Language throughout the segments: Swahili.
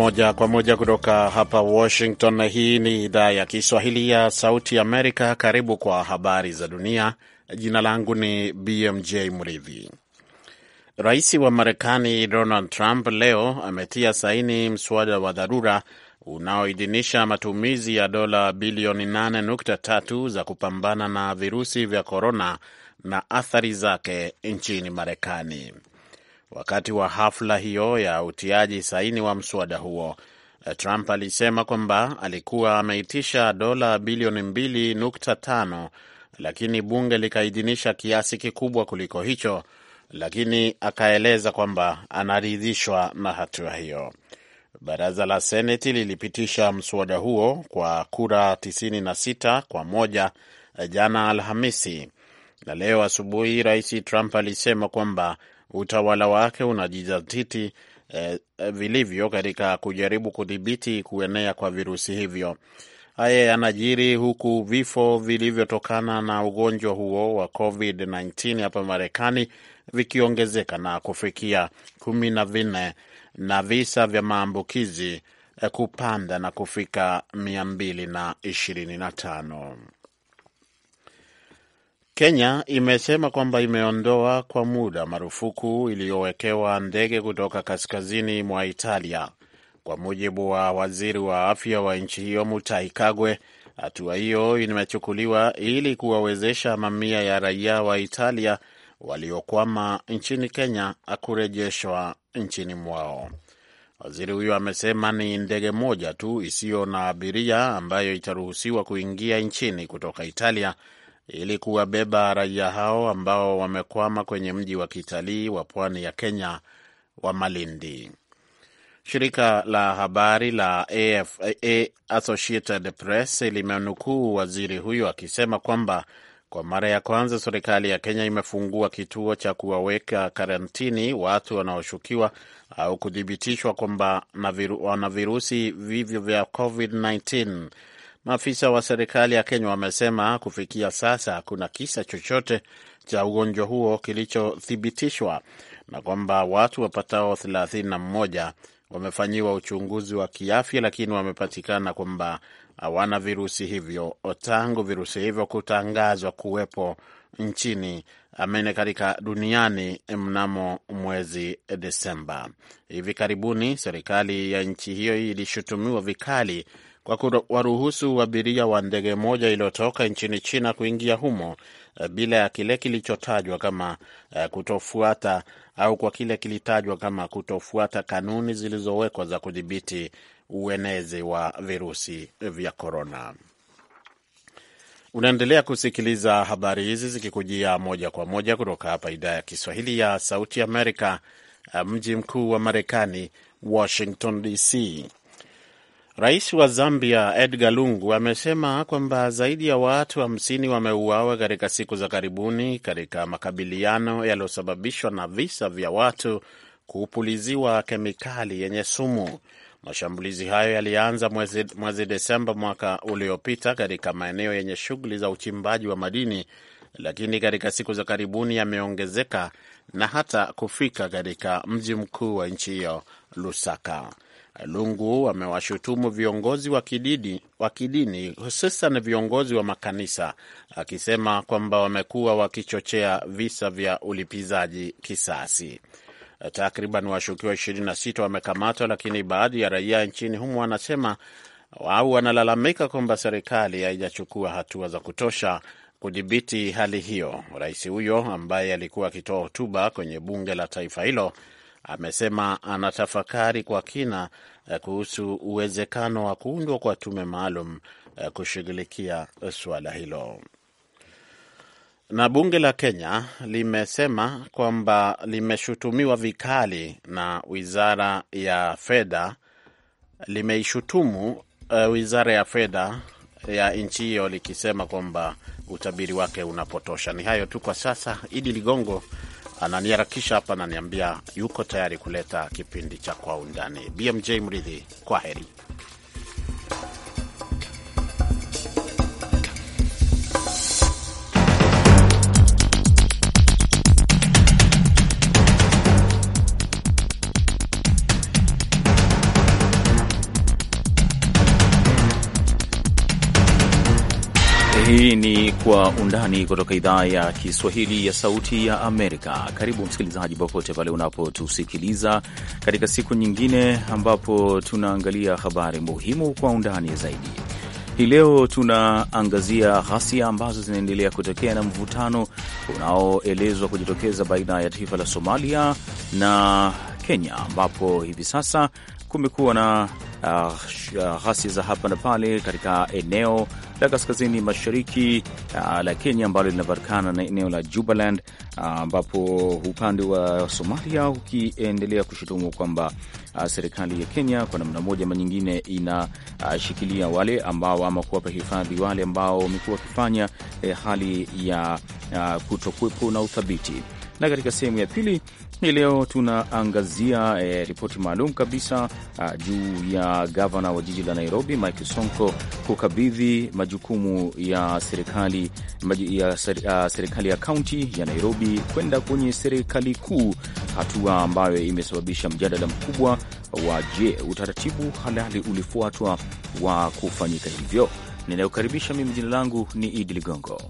moja kwa moja kutoka hapa Washington, na hii ni idhaa ya Kiswahili ya Sauti Amerika. Karibu kwa habari za dunia. Jina langu ni BMJ Mridhi. Rais wa Marekani Donald Trump leo ametia saini mswada wa dharura unaoidhinisha matumizi ya dola bilioni 8.3 za kupambana na virusi vya korona na athari zake nchini Marekani. Wakati wa hafla hiyo ya utiaji saini wa mswada huo, eh, Trump alisema kwamba alikuwa ameitisha dola bilioni 2.5 lakini bunge likaidhinisha kiasi kikubwa kuliko hicho, lakini akaeleza kwamba anaridhishwa na hatua hiyo. Baraza la Seneti lilipitisha mswada huo kwa kura 96 kwa moja eh, jana Alhamisi, na leo asubuhi Rais Trump alisema kwamba utawala wake unajizatiti eh, eh, vilivyo katika kujaribu kudhibiti kuenea kwa virusi hivyo. Haya yanajiri huku vifo vilivyotokana na ugonjwa huo wa COVID-19 hapa Marekani vikiongezeka na kufikia kumi na vinne na visa vya maambukizi eh, kupanda na kufika mia mbili na ishirini na tano. Kenya imesema kwamba imeondoa kwa muda marufuku iliyowekewa ndege kutoka kaskazini mwa Italia. Kwa mujibu wa waziri wa afya wa nchi hiyo Mutahi Kagwe, hatua hiyo imechukuliwa ili kuwawezesha mamia ya raia wa Italia waliokwama nchini Kenya kurejeshwa nchini mwao. Waziri huyo amesema ni ndege moja tu isiyo na abiria ambayo itaruhusiwa kuingia nchini kutoka Italia ili kuwabeba raia hao ambao wamekwama kwenye mji wa kitalii wa pwani ya Kenya wa Malindi. Shirika la habari la AFA, Associated Press waziri huyo akisema kwamba kwa mara ya kwanza serikali ya Kenya imefungua kituo cha kuwaweka karantini watu wanaoshukiwa au kuthibitishwa kwamba wana virusi vivyo vya COVID-19 Maafisa wa serikali ya Kenya wamesema kufikia sasa hakuna kisa chochote cha ugonjwa huo kilichothibitishwa na kwamba watu wapatao 31 wamefanyiwa uchunguzi wa kiafya, lakini wamepatikana kwamba hawana virusi hivyo tangu virusi hivyo kutangazwa kuwepo nchini amene katika duniani mnamo mwezi Desemba. Hivi karibuni serikali ya nchi hiyo ilishutumiwa vikali kwa kuwaruhusu abiria wa ndege moja iliyotoka nchini China kuingia humo eh, bila ya kile kilichotajwa kama eh, kutofuata au kwa kile kilitajwa kama kutofuata kanuni zilizowekwa za kudhibiti uenezi wa virusi eh, vya korona. Unaendelea kusikiliza habari hizi zikikujia moja kwa moja kutoka hapa idhaa ya Kiswahili ya Sauti Amerika, mji mkuu wa Marekani, Washington DC. Rais wa Zambia Edgar Lungu amesema kwamba zaidi ya watu hamsini wa wameuawa katika siku za karibuni katika makabiliano yaliyosababishwa na visa vya watu kupuliziwa kemikali yenye sumu. Mashambulizi hayo yalianza mwezi, mwezi Desemba mwaka uliopita katika maeneo yenye shughuli za uchimbaji wa madini, lakini katika siku za karibuni yameongezeka na hata kufika katika mji mkuu wa nchi hiyo Lusaka. Lungu amewashutumu viongozi wa kidini, wa kidini hususan viongozi wa makanisa akisema kwamba wamekuwa wakichochea visa vya ulipizaji kisasi. Takriban washukiwa 26 wamekamatwa, lakini baadhi ya raia nchini humo wanasema au wanalalamika kwamba serikali haijachukua hatua za kutosha kudhibiti hali hiyo. Rais huyo ambaye alikuwa akitoa hotuba kwenye bunge la taifa hilo amesema anatafakari kwa kina eh, kuhusu uwezekano wa kuundwa kwa tume maalum eh, kushughulikia eh, suala hilo. Na bunge la Kenya limesema kwamba limeshutumiwa vikali na wizara ya fedha, limeishutumu uh, wizara ya fedha ya nchi hiyo likisema kwamba utabiri wake unapotosha. Ni hayo tu kwa sasa. Idi Ligongo ananiharakisha hapa, ananiambia yuko tayari kuleta kipindi cha Kwa Undani. BMJ Mridhi, kwa heri. Kwa Undani kutoka idhaa ya Kiswahili ya Sauti ya Amerika. Karibu msikilizaji, popote pale unapotusikiliza katika siku nyingine ambapo tunaangalia habari muhimu kwa undani zaidi. Hii leo tunaangazia ghasia ambazo zinaendelea kutokea na mvutano unaoelezwa kujitokeza baina ya taifa la Somalia na Kenya ambapo hivi sasa kumekuwa na uh, za hapa na pale katika eneo la kaskazini mashariki uh, la Kenya ambalo linapatikana na eneo la Jubaland ambapo uh, upande wa Somalia ukiendelea kushutumu kwamba uh, serikali ya Kenya kwa namna moja ama nyingine inashikilia uh, wale ambao ama kuwapa hifadhi wale ambao wamekuwa wakifanya eh, hali ya uh, kutokuwepo na uthabiti na katika sehemu ya pili hii leo tunaangazia eh, ripoti maalum kabisa a, ah, juu ya gavana wa jiji la Nairobi Mike Sonko kukabidhi majukumu ya serikali ya ah, serikali ya kaunti ya Nairobi kwenda kwenye serikali kuu, hatua ambayo imesababisha mjadala mkubwa wa je, utaratibu halali ulifuatwa wa kufanyika hivyo. Ninayokaribisha mimi, jina langu ni Idi Ligongo.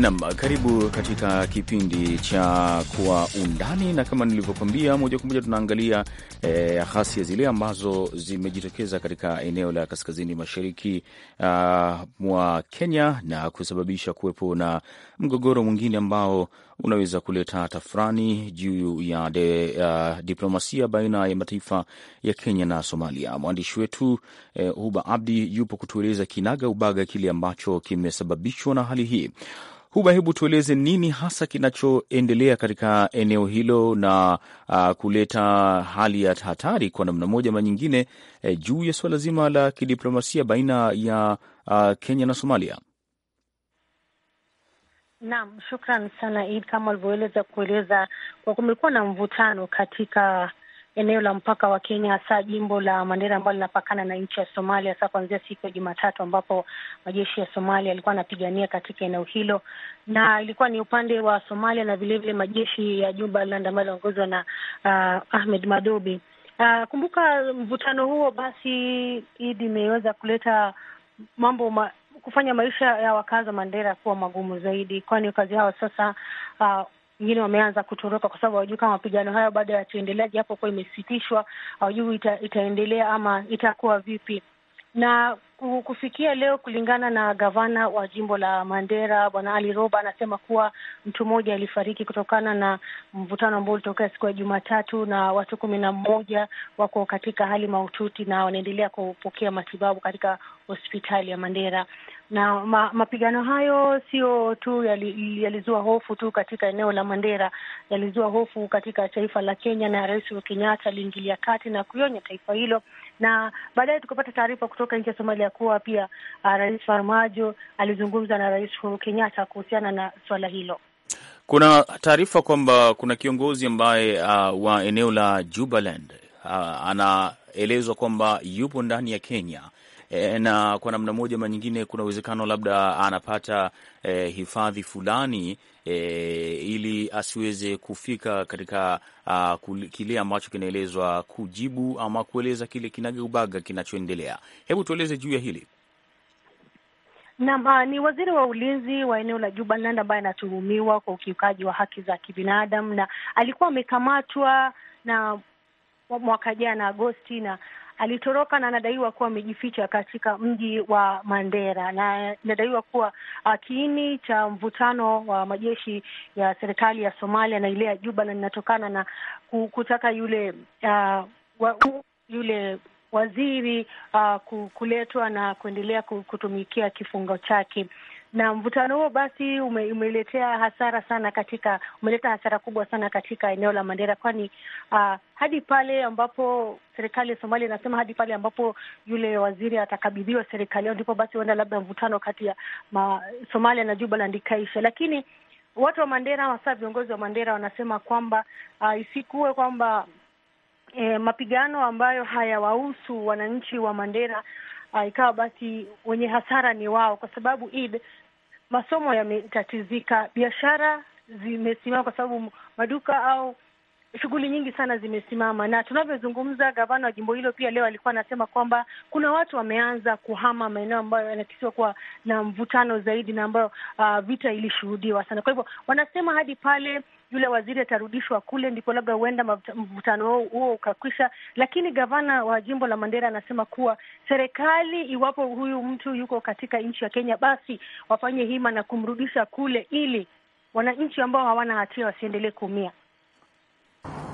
Nam, karibu katika kipindi cha Kwa Undani, na kama nilivyokuambia, moja kwa moja tunaangalia eh, ghasia zile ambazo zimejitokeza katika eneo la kaskazini mashariki uh, mwa Kenya na kusababisha kuwepo na mgogoro mwingine ambao unaweza kuleta tafrani juu ya de, uh, diplomasia baina ya mataifa ya Kenya na Somalia. Mwandishi wetu eh, Huba Abdi yupo kutueleza kinaga ubaga kile ambacho kimesababishwa na hali hii. Huba, hebu tueleze nini hasa kinachoendelea katika eneo hilo na uh, kuleta hali ya hatari kwa namna moja ama nyingine eh, juu ya suala zima la kidiplomasia baina ya uh, Kenya na Somalia. Naam, shukran sana Id, kama ulivyoeleza kueleza kwa kumekuwa na mvutano katika eneo la mpaka wa Kenya, hasa jimbo la Mandera ambalo linapakana na nchi ya Somalia, hasa kuanzia siku ya Jumatatu ambapo majeshi ya Somalia yalikuwa yanapigania katika eneo hilo, na ilikuwa ni upande wa Somalia na vilevile majeshi ya Jubaland ambayo yaliongozwa na uh, Ahmed Madobi. Uh, kumbuka mvutano huo basi Id, imeweza kuleta mambo ma, kufanya maisha ya wakazi wa Mandera kuwa magumu zaidi, kwani wakazi hao sasa uh, wengine wameanza kutoroka kwa sababu hawajui kama mapigano hayo baada ya yataendelea, japo kuwa imesitishwa, hawajui ita, itaendelea ama itakuwa vipi na kufikia leo, kulingana na gavana wa jimbo la Mandera Bwana Ali Roba, anasema kuwa mtu mmoja alifariki kutokana na mvutano ambao ulitokea siku ya Jumatatu, na watu kumi na mmoja wako katika hali mahututi na wanaendelea kupokea matibabu katika hospitali ya Mandera na ma, mapigano hayo sio tu yalizua yali hofu tu katika eneo la Mandera, yalizua hofu katika taifa la Kenya, na Rais Uhuru Kenyatta aliingilia kati na kuionya taifa hilo, na baadaye tukapata taarifa kutoka nchi ya Somalia kuwa pia uh, Rais Farmajo alizungumza na Rais Uhuru Kenyatta kuhusiana na suala hilo. Kuna taarifa kwamba kuna kiongozi ambaye uh, wa eneo la Jubaland uh, anaelezwa kwamba yupo ndani ya Kenya e, na kwa namna moja ama nyingine kuna uwezekano labda anapata e, hifadhi fulani e, ili asiweze kufika katika a, kile ambacho kinaelezwa kujibu ama kueleza kile kinagaubaga kinachoendelea. Hebu tueleze juu ya hili. Naam, ni waziri wa ulinzi wa eneo la Jubaland ambaye anatuhumiwa kwa ukiukaji wa haki za kibinadamu na alikuwa amekamatwa na mwaka jana Agosti na alitoroka na anadaiwa kuwa amejificha katika mji wa Mandera, na inadaiwa kuwa ah, kiini cha mvutano wa majeshi ya serikali ya Somalia na ile ya Juba, na inatokana na kutaka yule uh, wa, yule waziri uh, kuletwa na kuendelea kutumikia kifungo chake na mvutano huo basi ume, umeletea hasara sana katika umeleta hasara kubwa sana katika eneo la Mandera, kwani uh, hadi pale ambapo serikali ya Somalia inasema hadi pale ambapo yule waziri atakabidhiwa serikali yao ndipo basi huenda labda mvutano kati ya Somalia na Jubaland ikaisha, lakini watu wa Mandera hasa viongozi wa Mandera wanasema kwamba uh, ah, isikuwe kwamba eh, mapigano ambayo hayawahusu wananchi wa Mandera Uh, ikawa basi wenye hasara ni wao, kwa sababu id masomo yametatizika, biashara zimesimama kwa sababu maduka au shughuli nyingi sana zimesimama, na tunavyozungumza, gavana wa jimbo hilo pia leo alikuwa anasema kwamba kuna watu wameanza kuhama maeneo ambayo yanakisiwa kuwa na mvutano zaidi na ambayo uh, vita ilishuhudiwa sana. Kwa hivyo wanasema hadi pale yule waziri atarudishwa kule, ndipo labda huenda mvutano huo ukakwisha. Lakini gavana wa jimbo la Mandera anasema kuwa serikali, iwapo huyu mtu yuko katika nchi ya Kenya, basi wafanye hima na kumrudisha kule, ili wananchi ambao hawana hatia wasiendelee kuumia.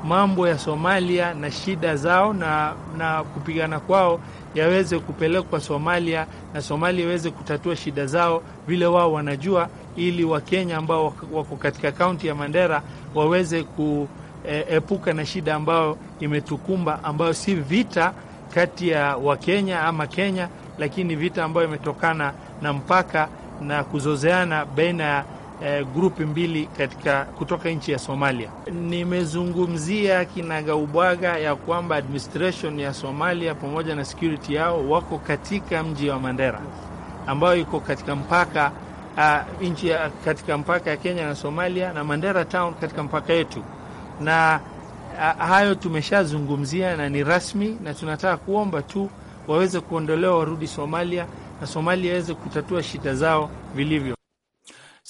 Mambo ya Somalia na shida zao na, na kupigana kwao yaweze kupelekwa Somalia na Somalia iweze kutatua shida zao vile wao wanajua, ili Wakenya ambao wako katika kaunti ya Mandera waweze kuepuka e, na shida ambayo imetukumba, ambayo si vita kati ya Wakenya ama Kenya, lakini vita ambayo imetokana na mpaka na kuzozeana baina ya eh, grupu mbili katika kutoka nchi ya Somalia. Nimezungumzia kinagaubwaga ya kwamba administration ya Somalia pamoja na security yao wako katika mji wa Mandera ambayo iko katika mpaka uh, nchi katika mpaka ya Kenya na Somalia na Mandera town katika mpaka yetu na uh, hayo tumeshazungumzia na ni rasmi, na tunataka kuomba tu waweze kuondolewa warudi Somalia na Somalia iweze kutatua shida zao vilivyo.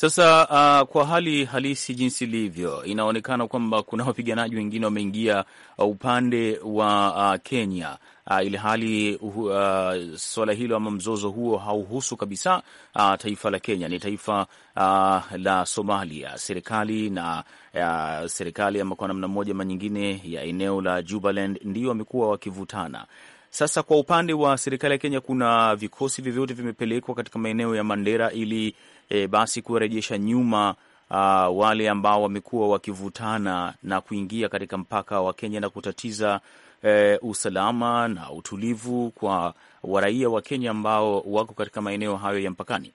Sasa uh, kwa hali halisi jinsi ilivyo, inaonekana kwamba kuna wapiganaji wengine wameingia uh, upande wa uh, Kenya uh, ili hali uh, uh, swala hilo ama mzozo huo hauhusu kabisa uh, taifa la Kenya, ni taifa uh, la Somalia. Serikali na uh, serikali ama kwa namna moja ama nyingine ya eneo la Jubaland ndio wamekuwa wakivutana. Sasa kwa upande wa serikali ya Kenya, kuna vikosi vyovyote vimepelekwa katika maeneo ya Mandera ili e, basi kuwarejesha nyuma Uh, wale ambao wamekuwa wakivutana na kuingia katika mpaka wa Kenya na kutatiza eh, usalama na utulivu kwa waraia wa Kenya ambao wako katika maeneo hayo ya mpakani.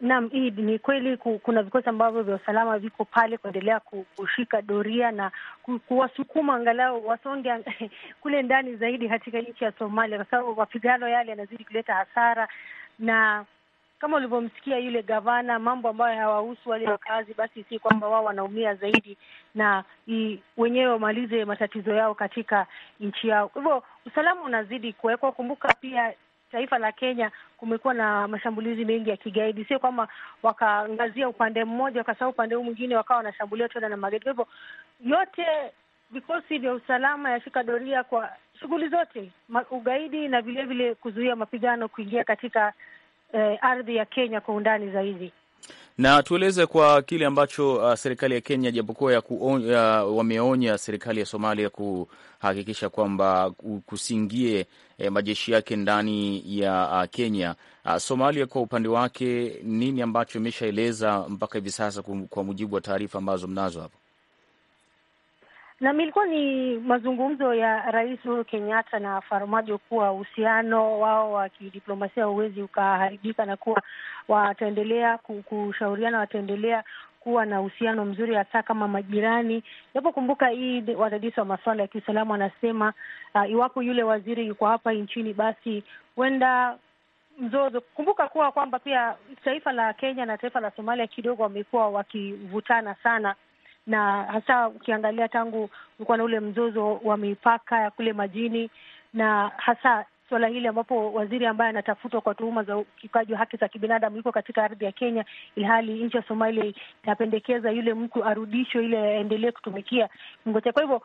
Naam, Idi, ni kweli kuna vikosi ambavyo vya usalama viko pale kuendelea kushika doria na kuwasukuma angalau wasonge kule ndani zaidi katika nchi ya Somalia, kwa sababu mapigano yale yanazidi kuleta hasara na kama ulivyomsikia yule gavana, mambo ambayo hawahusu wale wakazi, basi si kwamba wao wanaumia zaidi, na wenyewe wamalize matatizo yao katika nchi yao. Kwa hivyo usalama unazidi kuwekwa. Kumbuka pia taifa la Kenya kumekuwa na mashambulizi mengi ya kigaidi, sio kwamba wakaangazia upande mmoja wakasahau upande huu mwingine wakawa wanashambulia tena na magaidi. Kwa hivyo yote vikosi vya usalama yashika doria kwa shughuli zote, ugaidi na vilevile kuzuia mapigano kuingia katika eh, ardhi ya Kenya kwa undani zaidi na tueleze kwa kile ambacho uh, serikali ya Kenya japokuwa ya wameonya serikali ya Somalia kuhakikisha kwamba kusingie eh, majeshi yake ndani ya uh, Kenya. Uh, Somalia kwa upande wake nini ambacho imeshaeleza mpaka hivi sasa, kwa mujibu wa taarifa ambazo mnazo hapo? na ilikuwa ni mazungumzo ya Rais Uhuru Kenyatta na Farmajo kuwa uhusiano wao wa kidiplomasia huwezi ukaharibika na kuwa wataendelea kushauriana, wataendelea kuwa na uhusiano mzuri hata kama majirani. Napokumbuka hii wadadisi wa masuala ya kiusalama wanasema uh, iwapo yule waziri yuko hapa nchini, basi huenda mzozo. Kumbuka kuwa kwamba pia taifa la Kenya na taifa la Somalia kidogo wamekuwa wakivutana sana na hasa ukiangalia tangu kulikuwa na ule mzozo wa mipaka ya kule majini, na hasa suala hili ambapo waziri ambaye anatafutwa kwa tuhuma za ukiukaji wa haki za kibinadamu yuko katika ardhi ya Kenya, ilhali nchi ya Somalia inapendekeza yule mtu arudishwe ili aendelee kutumikia kifungo chake. Kwa hivyo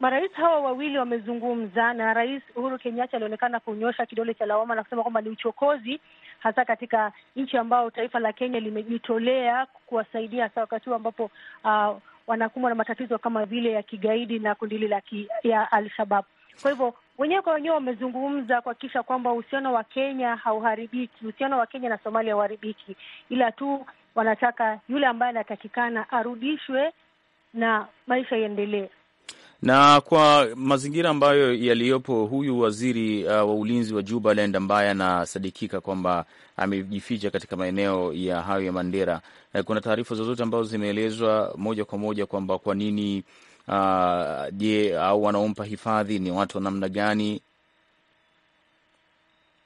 marais hawa wawili wamezungumza, na Rais Uhuru Kenyatta alionekana kunyosha kidole cha lawama na kusema kwamba ni uchokozi hasa katika nchi ambayo taifa la Kenya limejitolea kuwasaidia hasa wakati huu ambapo uh, wanakumbwa na matatizo kama vile ya kigaidi na kundi lile ya Al-Shabab. Kwa hivyo wenyewe kwa wenyewe wamezungumza kuhakikisha kwamba uhusiano wa Kenya hauharibiki, uhusiano wa Kenya na Somalia hauharibiki, ila tu wanataka yule ambaye anatakikana arudishwe na maisha iendelee. Na kwa mazingira ambayo yaliyopo, huyu waziri uh, wa ulinzi wa Jubaland ambaye anasadikika kwamba amejificha katika maeneo ya hayo ya Mandera, uh, kuna taarifa zozote ambazo zimeelezwa moja kwa moja kwamba kwa nini uh, je, uh, au wanaompa hifadhi ni watu wa namna gani?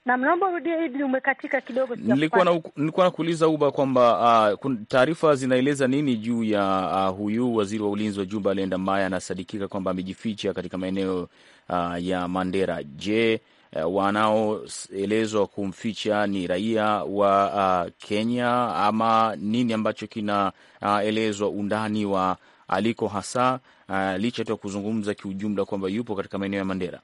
Naam, naomba urudie Idi, umekatika kidogo. Nilikuwa na nilikuwa nakuuliza Uba kwamba uh, taarifa zinaeleza nini juu ya uh, huyu waziri wa ulinzi wa Juba alienda ambaye anasadikika kwamba amejificha katika maeneo uh, ya Mandera. Je, uh, wanaoelezwa kumficha ni raia wa uh, Kenya ama nini ambacho kinaelezwa uh, undani wa aliko hasa uh, licha tu ya kuzungumza kiujumla kwamba yupo katika maeneo ya Mandera?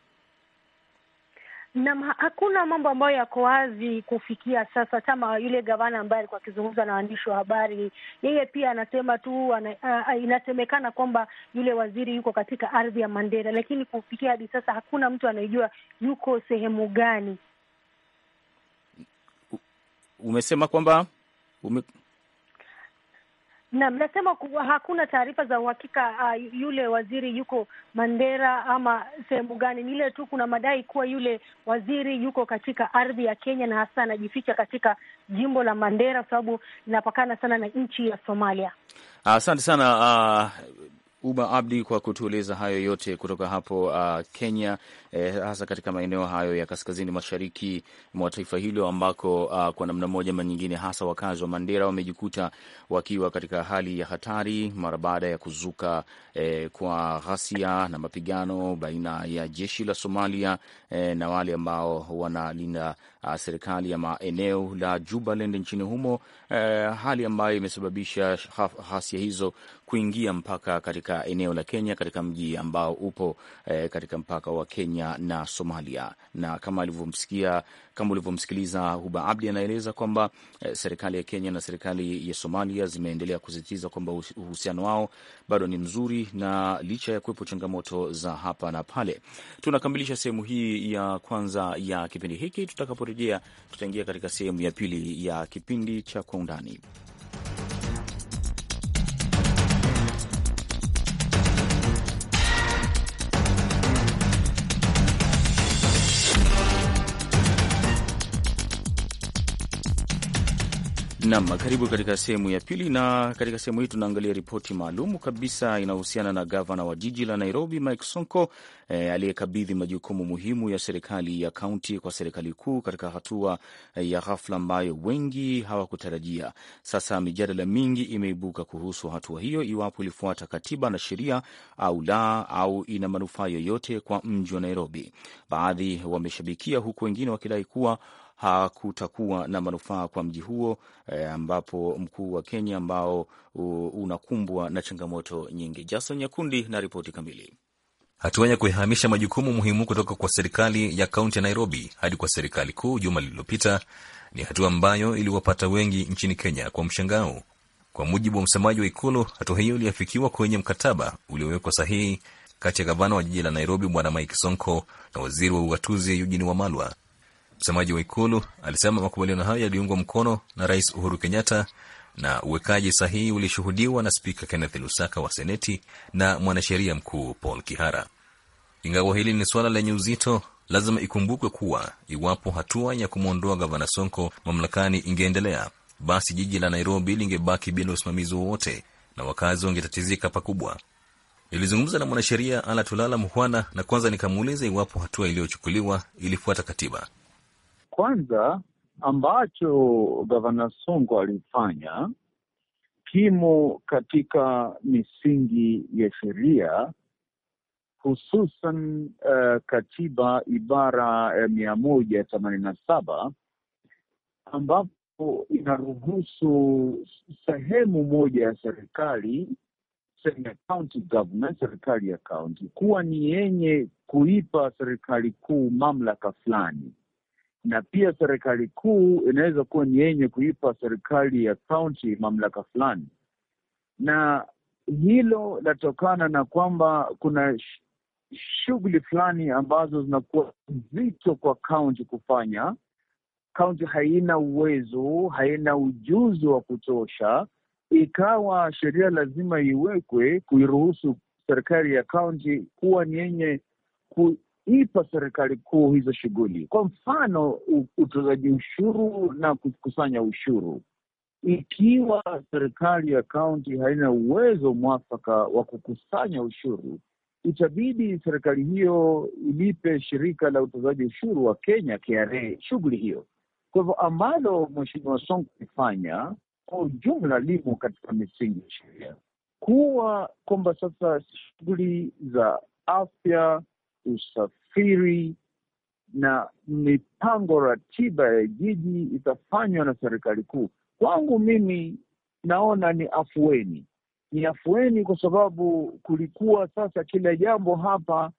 Nam, hakuna mambo ambayo yako wazi kufikia sasa. Kama yule gavana ambaye alikuwa akizungumza na waandishi wa habari, yeye pia anasema tu ana, uh, inasemekana kwamba yule waziri yuko katika ardhi ya Mandera, lakini kufikia hadi sasa hakuna mtu anayejua yuko sehemu gani. Umesema kwamba ume na nasema hakuna taarifa za uhakika uh, yule waziri yuko Mandera ama sehemu gani? Ni ile tu kuna madai kuwa yule waziri yuko katika ardhi ya Kenya na hasa anajificha katika jimbo la Mandera kwa sababu linapakana sana na nchi ya Somalia. Asante uh, sana uh, Uba Abdi kwa kutueleza hayo yote kutoka hapo uh, Kenya, eh, hasa katika maeneo hayo ya kaskazini mashariki mwa taifa hilo ambako uh, kwa namna moja ama nyingine, hasa wakazi wa Mandera wamejikuta wakiwa katika hali ya hatari mara baada ya kuzuka eh, kwa ghasia na mapigano baina ya jeshi la Somalia eh, na wale ambao wanalinda uh, serikali ya maeneo la Jubaland nchini humo, eh, hali ambayo imesababisha ghasia hizo kuingia mpaka katika eneo la Kenya, katika mji ambao upo eh, katika mpaka wa Kenya na Somalia. Na kama alivyomsikia kama ulivyomsikiliza Huba Abdi anaeleza kwamba eh, serikali ya Kenya na serikali ya Somalia zimeendelea kusisitiza kwamba uhusiano wao bado ni mzuri na licha ya kuwepo changamoto za hapa na pale. Tunakamilisha sehemu hii ya kwanza ya kipindi hiki tutakapo tukirejea tutaingia katika sehemu ya pili ya kipindi cha Kwa Undani. Nam, karibu katika sehemu ya pili, na katika sehemu hii tunaangalia ripoti maalum kabisa inayohusiana na gavana wa jiji la Nairobi Mike Sonko e, aliyekabidhi majukumu muhimu ya serikali ya kaunti kwa serikali kuu katika hatua eh, ya ghafla ambayo wengi hawakutarajia. Sasa mijadala mingi imeibuka kuhusu hatua hiyo, iwapo ilifuata katiba na sheria au la, au ina manufaa yoyote kwa mji wa Nairobi. Baadhi wameshabikia, huku wengine wakidai kuwa hakutakuwa na manufaa kwa mji huo e, ambapo mkuu wa Kenya ambao unakumbwa na changamoto nyingi. Jason Nyakundi na ripoti kamili. Hatua ya kuihamisha majukumu muhimu kutoka kwa serikali ya kaunti ya Nairobi hadi kwa serikali kuu juma lililopita ni hatua ambayo iliwapata wengi nchini Kenya kwa mshangao. Kwa mujibu wa msemaji wa Ikulu, hatua hiyo iliafikiwa kwenye mkataba uliowekwa sahihi kati ya gavana wa jiji la Nairobi Bwana Mike Sonko na waziri wa ugatuzi Eugene Wamalwa. Msemaji wa ikulu alisema makubaliano hayo yaliungwa mkono na Rais Uhuru Kenyatta na uwekaji sahihi ulishuhudiwa na Spika Kenneth Lusaka wa Seneti na mwanasheria mkuu Paul Kihara. Ingawa hili ni suala lenye uzito, lazima ikumbukwe kuwa iwapo hatua ya kumwondoa gavana Sonko mamlakani ingeendelea, basi jiji la Nairobi lingebaki bila usimamizi wowote na wakazi wangetatizika pakubwa. Nilizungumza na mwanasheria Alatulala Muhwana na kwanza nikamuuliza iwapo hatua iliyochukuliwa ilifuata katiba kwanza ambacho gavana Songo alifanya kimo katika misingi ya sheria hususan uh, katiba ibara ya mia moja themanini na saba ambapo inaruhusu sehemu moja ya serikali county government, serikali ya kaunti kuwa ni yenye kuipa serikali kuu mamlaka fulani na pia serikali kuu inaweza kuwa ni yenye kuipa serikali ya kaunti mamlaka fulani, na hilo linatokana na kwamba kuna shughuli fulani ambazo zinakuwa nzito kwa kaunti kufanya. Kaunti haina uwezo, haina ujuzi wa kutosha, ikawa sheria lazima iwekwe kuiruhusu serikali ya kaunti kuwa ni yenye ipa serikali kuu hizo shughuli. Kwa mfano, utozaji ushuru na kukusanya ushuru. Ikiwa serikali ya kaunti haina uwezo mwafaka wa kukusanya ushuru, itabidi serikali hiyo ilipe shirika la utozaji ushuru wa Kenya, KRA, shughuli hiyo. Kwa hivyo ambalo Mheshimiwa Sonko alifanya kwa ujumla limo katika misingi ya sheria, kuwa kwamba sasa shughuli za afya usafiri na mipango ratiba ya jiji itafanywa na serikali kuu. Kwangu mimi naona ni afueni, ni afueni kwa sababu kulikuwa sasa kila jambo hapa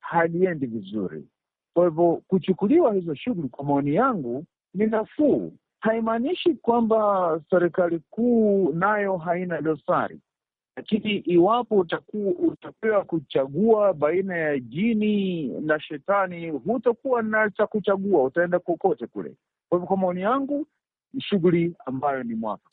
haliendi vizuri. Kwa hivyo kuchukuliwa hizo shughuli, kwa maoni yangu, ni nafuu. Haimaanishi kwamba serikali kuu nayo haina dosari. Lakini iwapo utaku, utapewa kuchagua baina ya jini na shetani, hutakuwa na cha kuchagua, utaenda kokote kule. Kwa hivyo, kwa maoni yangu ni shughuli ambayo ni mwafaka.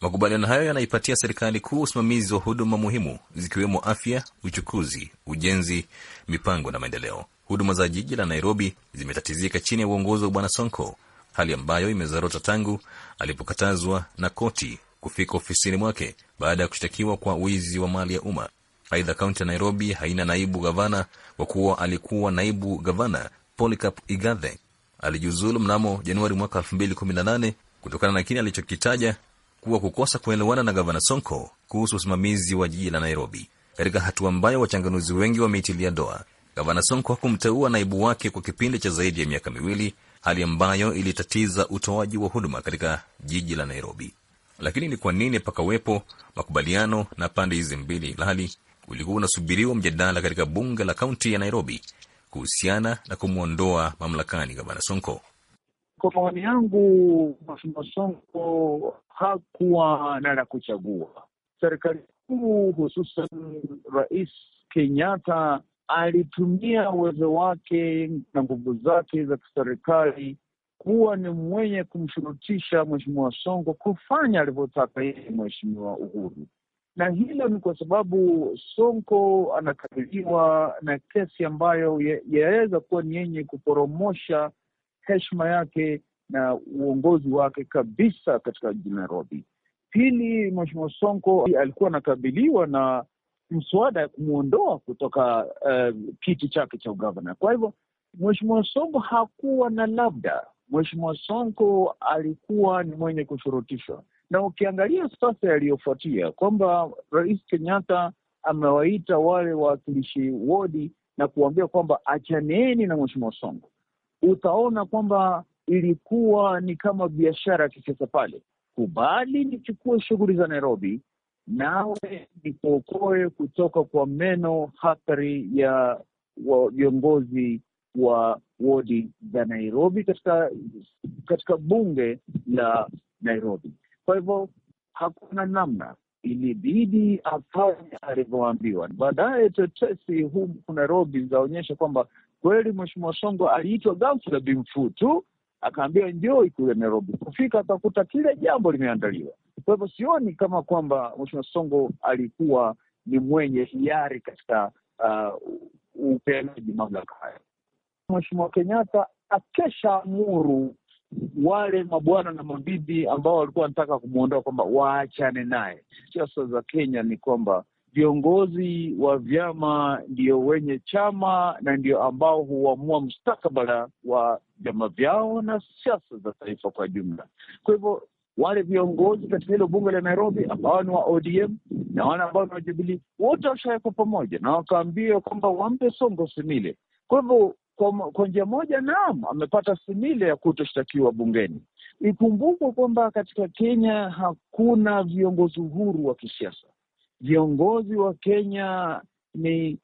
Makubaliano hayo yanaipatia serikali kuu usimamizi wa huduma muhimu zikiwemo afya, uchukuzi, ujenzi, mipango na maendeleo. Huduma za jiji la Nairobi zimetatizika chini ya uongozi wa Bwana Sonko, hali ambayo imezorota tangu alipokatazwa na koti kufika ofisini mwake baada ya kushtakiwa kwa wizi wa mali ya umma. Aidha, kaunti ya Nairobi haina naibu gavana kwa kuwa alikuwa naibu gavana Polycarp Igathe alijiuzulu mnamo Januari mwaka 2018 kutokana na kile alichokitaja kuwa kukosa kuelewana na gavana Sonko kuhusu usimamizi wa jiji la Nairobi, katika hatua ambayo wachanganuzi wengi wameitilia doa. Gavana Sonko hakumteua naibu wake kwa kipindi cha zaidi ya miaka miwili, hali ambayo ilitatiza utoaji wa huduma katika jiji la Nairobi. Lakini ni kwa nini pakawepo makubaliano na pande hizi mbili, lali ulikuwa unasubiriwa mjadala katika bunge la kaunti ya Nairobi kuhusiana na kumwondoa mamlakani gavana Sonko? Kwa maoni yangu, Mheshimiwa Sonko hakuwa na la kuchagua. Serikali kuu hususan Rais Kenyatta alitumia uwezo wake na nguvu zake za kiserikali kuwa ni mwenye kumshurutisha Mheshimiwa songo kufanya alivyotaka yeye Mheshimiwa Uhuru, na hilo ni kwa sababu Sonko anakabiliwa na kesi ambayo yaweza kuwa ni yenye kuporomosha heshima yake na uongozi wake kabisa katika jiji Nairobi. Pili, Mheshimiwa Sonko alikuwa anakabiliwa na mswada ya kumwondoa kutoka uh, kiti chake cha ugavana. Kwa hivyo Mheshimiwa Sonko hakuwa na labda Mheshimiwa Sonko alikuwa ni mwenye kushurutishwa, na ukiangalia sasa yaliyofuatia kwamba Rais Kenyatta amewaita wale wawakilishi wodi na kuambia kwamba achaneni na Mheshimiwa Sonko, utaona kwamba ilikuwa ni kama biashara ya kisiasa pale. Kubali nichukue shughuli za Nairobi, nawe nikuokoe kutoka kwa meno hatari ya viongozi wa wodi za Nairobi katika katika bunge la Nairobi. Kwa hivyo hakuna namna, ilibidi afanye alivyoambiwa. Baadaye tetesi huku Nairobi zaonyesha kwamba kweli Mheshimiwa Songo aliitwa ghafla bimfutu, akaambiwa njoo ikule Nairobi. Kufika akakuta kile jambo limeandaliwa. Kwa hivyo sioni kama kwamba Mheshimiwa Songo alikuwa ni mwenye hiari katika uh, upeanaji mamlaka hayo. Mheshimiwa Kenyatta akesha amuru wale mabwana na mabibi ambao walikuwa wanataka kumwondoa kwamba waachane naye. Siasa za Kenya ni kwamba viongozi wa vyama ndio wenye chama na ndio ambao huamua mustakabala wa vyama vyao na siasa za taifa kwa jumla. Kwa hivyo wale viongozi katika hilo bunge la Nairobi ambao ni wa ODM na wale ambao ni wa Jubilee wote washawekwa pamoja na wakaambia kwamba wampe songo Simile. Kwa hivyo kwa njia moja, naam, amepata simile ya kutoshtakiwa bungeni. Ikumbukwe kwamba katika Kenya hakuna viongozi uhuru wa kisiasa. Viongozi wa Kenya ni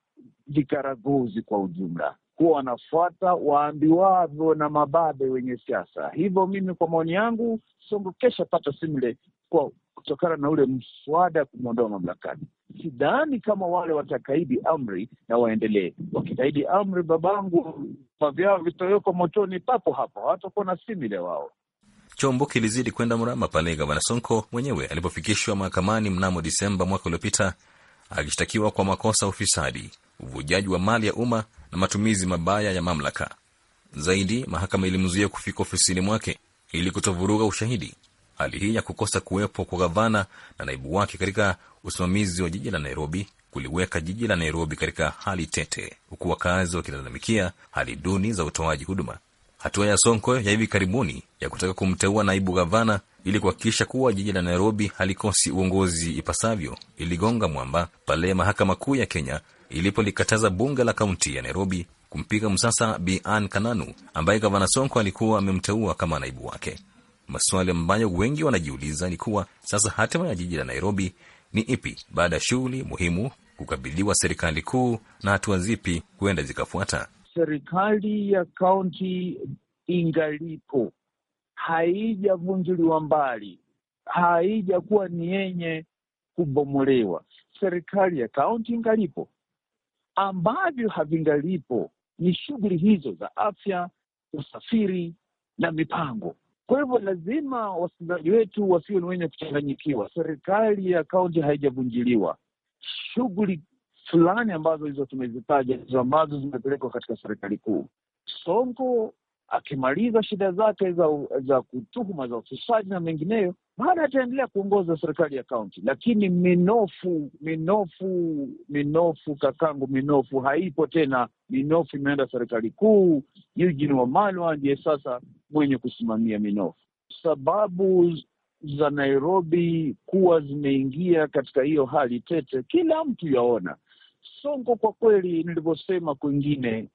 vikaragozi kwa ujumla, kuwa wanafuata waambiwavyo na mababe wenye siasa. Hivyo mimi kwa maoni yangu, Songo kesha pata simile kwa kutokana na ule mswada kumwondoa mamlakani. Sidhani kama wale watakaidi amri na waendelee wakikaidi amri, babangu, vifaa vyao vitawekwa motoni papo hapo, hawatakuwa na simile wao. Chombo kilizidi kwenda mrama pale Gavana Sonko mwenyewe alipofikishwa mahakamani mnamo Disemba mwaka uliopita akishtakiwa kwa makosa ufisadi, uvujaji wa mali ya umma na matumizi mabaya ya mamlaka. Zaidi, mahakama ilimzuia kufika ofisini mwake ili kutovuruga ushahidi. Hali hii ya kukosa kuwepo kwa gavana na naibu wake katika usimamizi wa jiji la Nairobi kuliweka jiji la Nairobi katika hali tete, huku wakazi wakilalamikia hali duni za utoaji huduma. Hatua ya Sonko ya hivi karibuni ya kutaka kumteua naibu gavana ili kuhakikisha kuwa jiji la Nairobi halikosi uongozi ipasavyo iligonga mwamba pale mahakama kuu ya Kenya ilipolikataza bunge la kaunti ya Nairobi kumpiga msasa Bi Ann Kananu ambaye gavana Sonko alikuwa amemteua kama naibu wake. Maswali ambayo wengi wanajiuliza ni kuwa sasa hatima ya jiji la Nairobi ni ipi baada ya shughuli muhimu kukabidhiwa serikali kuu, na hatua zipi huenda zikafuata? Serikali ya kaunti ingalipo, haijavunjuliwa mbali, haijakuwa ni yenye kubomolewa. Serikali ya kaunti ingalipo. Ambavyo havingalipo ni shughuli hizo za afya, usafiri na mipango kwa hivyo lazima wasikilizaji wetu wasiwe ni wenye kuchanganyikiwa. Serikali ya kaunti haijavunjiliwa. Shughuli fulani ambazo hizo tumezitaja hizo ambazo zimepelekwa katika serikali kuu. Sonko akimaliza shida zake za, za kutuhuma za ufisadi na mengineyo, bado ataendelea kuongoza serikali ya kaunti, lakini minofu minofu minofu, kakangu, minofu haipo tena. Minofu imeenda serikali kuu. Eugene Wamalwa ndiye sasa mwenye kusimamia minofu. Sababu za Nairobi kuwa zimeingia katika hiyo hali tete, kila mtu yaona. Sonko kwa kweli, nilivyosema kwingine,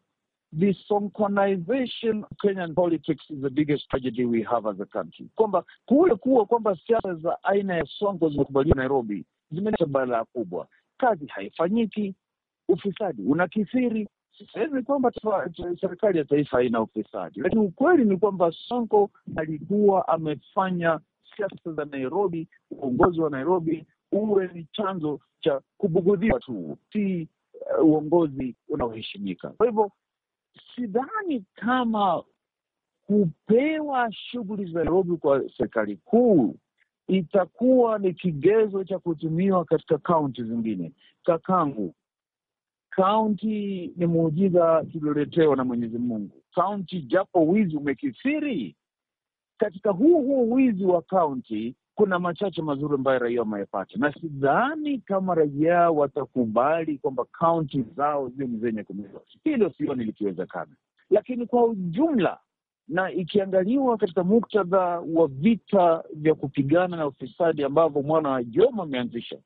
the Sonkonization of Kenyan politics is the biggest tragedy we have as a country, kwamba kule kuwa kwamba siasa za aina ya Sonko zimekubaliwa Nairobi zimeleta balaa kubwa, kazi haifanyiki, ufisadi unakithiri, Sisemi yaani ni kwamba serikali ya taifa haina ufisadi, lakini ukweli ni kwamba Sonko alikuwa amefanya siasa za Nairobi, uongozi wa Nairobi uwe ni chanzo cha kubugudhiwa tu, si uh, uongozi unaoheshimika. Kwa hivyo sidhani kama kupewa shughuli za Nairobi kwa serikali kuu itakuwa ni kigezo cha kutumiwa katika kaunti zingine. Kakangu Kaunti ni muujiza tulioletewa na Mwenyezi Mungu. Kaunti japo wizi umekithiri, katika huu huu wizi wa kaunti kuna machache mazuri ambayo raia wameyapata, na sidhani kama raia watakubali kwamba kaunti zao ziwe zenye kumizwa. Hilo sioni likiwezekana, lakini kwa ujumla na ikiangaliwa katika muktadha wa vita vya kupigana na ufisadi ambavyo mwana wa joma ameanzisha,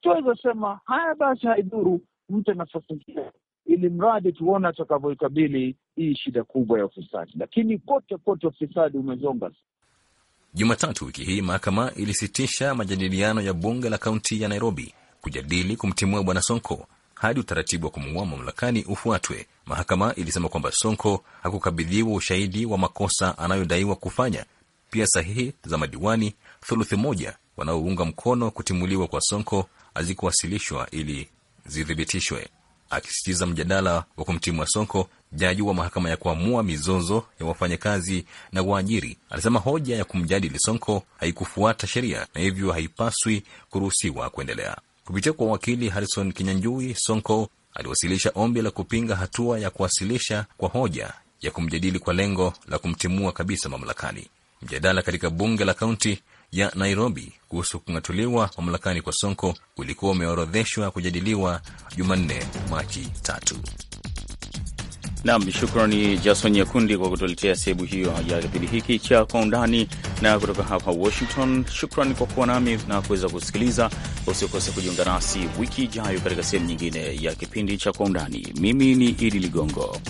tunaweza sema haya basi, haidhuru mpe nafasi hiyo, ili mradi tuone atakavyoikabili hii shida kubwa ya ufisadi, lakini kote kote ufisadi umezonga. Jumatatu wiki hii mahakama ilisitisha majadiliano ya bunge la kaunti ya Nairobi kujadili kumtimua bwana Sonko hadi utaratibu wa kumuua mamlakani ufuatwe. Mahakama ilisema kwamba Sonko hakukabidhiwa ushahidi wa makosa anayodaiwa kufanya. Pia sahihi za madiwani thuluthi moja wanaounga mkono kutimuliwa kwa Sonko hazikuwasilishwa ili zithibitishwe. Akisitiza mjadala wa kumtimua Sonko, jaji wa mahakama ya kuamua mizozo ya wafanyakazi na waajiri alisema hoja ya kumjadili Sonko haikufuata sheria na hivyo haipaswi kuruhusiwa kuendelea. Kupitia kwa wakili Harrison Kinyanjui, Sonko aliwasilisha ombi la kupinga hatua ya kuwasilisha kwa hoja ya kumjadili kwa lengo la kumtimua kabisa mamlakani. Mjadala katika bunge la kaunti ya Nairobi kuhusu kung'atuliwa mamlakani kwa Sonko ulikuwa umeorodheshwa kujadiliwa Jumanne, Machi tatu. Nam, shukrani Jason Nyakundi kwa kutuletea sehemu hiyo ya kipindi hiki cha Kwa Undani. Na kutoka hapa Washington, shukrani kwa kuwa nami na kuweza kusikiliza. Usikose kujiunga nasi wiki ijayo katika sehemu nyingine ya kipindi cha Kwa Undani. Mimi ni Idi Ligongo.